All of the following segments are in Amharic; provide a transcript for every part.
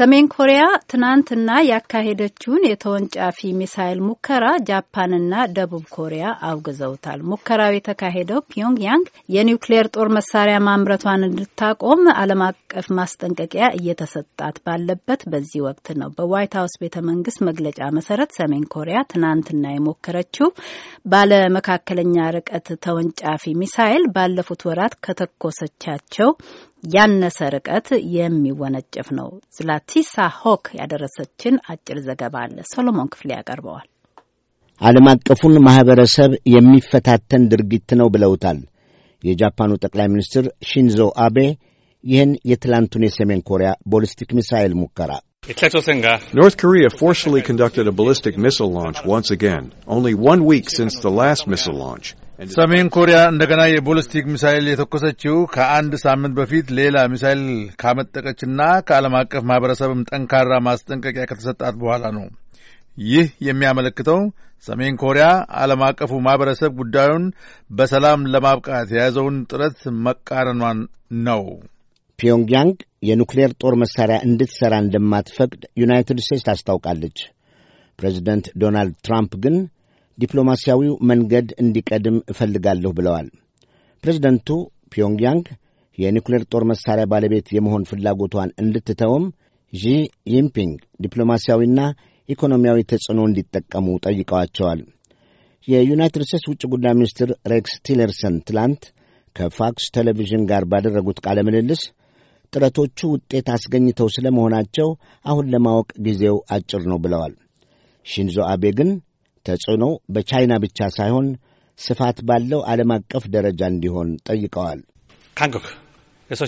ሰሜን ኮሪያ ትናንትና ያካሄደችውን የተወንጫፊ ሚሳይል ሙከራ ጃፓንና ደቡብ ኮሪያ አውግዘውታል። ሙከራው የተካሄደው ፒዮንግያንግ የኒውክሌር ጦር መሳሪያ ማምረቷን እንድታቆም ዓለም አቀፍ ማስጠንቀቂያ እየተሰጣት ባለበት በዚህ ወቅት ነው። በዋይት ሀውስ ቤተ መንግስት መግለጫ መሰረት ሰሜን ኮሪያ ትናንትና የሞከረችው ባለመካከለኛ ርቀት ተወንጫፊ ሚሳይል ባለፉት ወራት ከተኮሰቻቸው ያነሰ ርቀት የሚወነጨፍ ነው። ዝላቲሳ ሆክ ያደረሰችን አጭር ዘገባ አለ። ሶሎሞን ክፍሌ ያቀርበዋል። ዓለም አቀፉን ማኅበረሰብ የሚፈታተን ድርጊት ነው ብለውታል የጃፓኑ ጠቅላይ ሚኒስትር ሺንዞ አቤ ይህን የትላንቱን የሰሜን ኮሪያ ቦሊስቲክ ሚሳይል ሙከራ North Korea forcefully conducted a ballistic missile launch once again, only one week since the last missile launch. ሰሜን ኮሪያ እንደገና የቦለስቲክ ሚሳይል የተኮሰችው ከአንድ ሳምንት በፊት ሌላ ሚሳይል ካመጠቀችና ከዓለም አቀፍ ማህበረሰብም ጠንካራ ማስጠንቀቂያ ከተሰጣት በኋላ ነው። ይህ የሚያመለክተው ሰሜን ኮሪያ ዓለም አቀፉ ማህበረሰብ ጉዳዩን በሰላም ለማብቃት የያዘውን ጥረት መቃረኗን ነው። ፒዮንግያንግ የኑክሌር ጦር መሣሪያ እንድትሠራ እንደማትፈቅድ ዩናይትድ ስቴትስ ታስታውቃለች። ፕሬዚደንት ዶናልድ ትራምፕ ግን ዲፕሎማሲያዊው መንገድ እንዲቀድም እፈልጋለሁ ብለዋል። ፕሬዚደንቱ ፒዮንግያንግ የኒኩሌር ጦር መሣሪያ ባለቤት የመሆን ፍላጎቷን እንድትተውም ዢ ጂንፒንግ ዲፕሎማሲያዊና ኢኮኖሚያዊ ተጽዕኖ እንዲጠቀሙ ጠይቀዋቸዋል። የዩናይትድ ስቴትስ ውጭ ጉዳይ ሚኒስትር ሬክስ ቲለርሰን ትላንት ከፋክስ ቴሌቪዥን ጋር ባደረጉት ቃለ ምልልስ ጥረቶቹ ውጤት አስገኝተው ስለ መሆናቸው አሁን ለማወቅ ጊዜው አጭር ነው ብለዋል። ሺንዞ አቤ ግን ተጽዕኖ በቻይና ብቻ ሳይሆን ስፋት ባለው ዓለም አቀፍ ደረጃ እንዲሆን ጠይቀዋል። It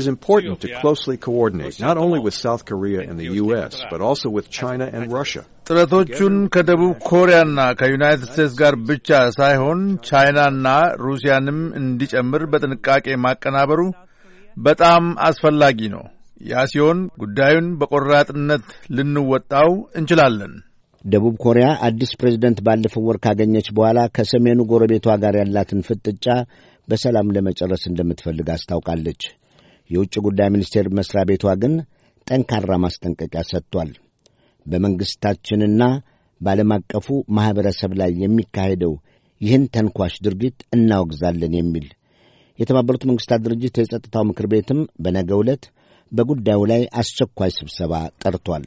is important to closely coordinate not only with South Korea and the U.S., but also with China and Russia. ጥረቶቹን ከደቡብ ኮሪያና ከዩናይትድ ስቴትስ ጋር ብቻ ሳይሆን ቻይናና ሩሲያንም እንዲጨምር በጥንቃቄ ማቀናበሩ በጣም አስፈላጊ ነው። ያ ሲሆን ጉዳዩን በቆራጥነት ልንወጣው እንችላለን። ደቡብ ኮሪያ አዲስ ፕሬዝደንት ባለፈው ወር ካገኘች በኋላ ከሰሜኑ ጎረቤቷ ጋር ያላትን ፍጥጫ በሰላም ለመጨረስ እንደምትፈልግ አስታውቃለች። የውጭ ጉዳይ ሚኒስቴር መስሪያ ቤቷ ግን ጠንካራ ማስጠንቀቂያ ሰጥቷል። በመንግሥታችንና በዓለም አቀፉ ማኅበረሰብ ላይ የሚካሄደው ይህን ተንኳሽ ድርጊት እናወግዛለን የሚል የተባበሩት መንግሥታት ድርጅት የጸጥታው ምክር ቤትም በነገ ዕለት በጉዳዩ ላይ አስቸኳይ ስብሰባ ጠርቷል።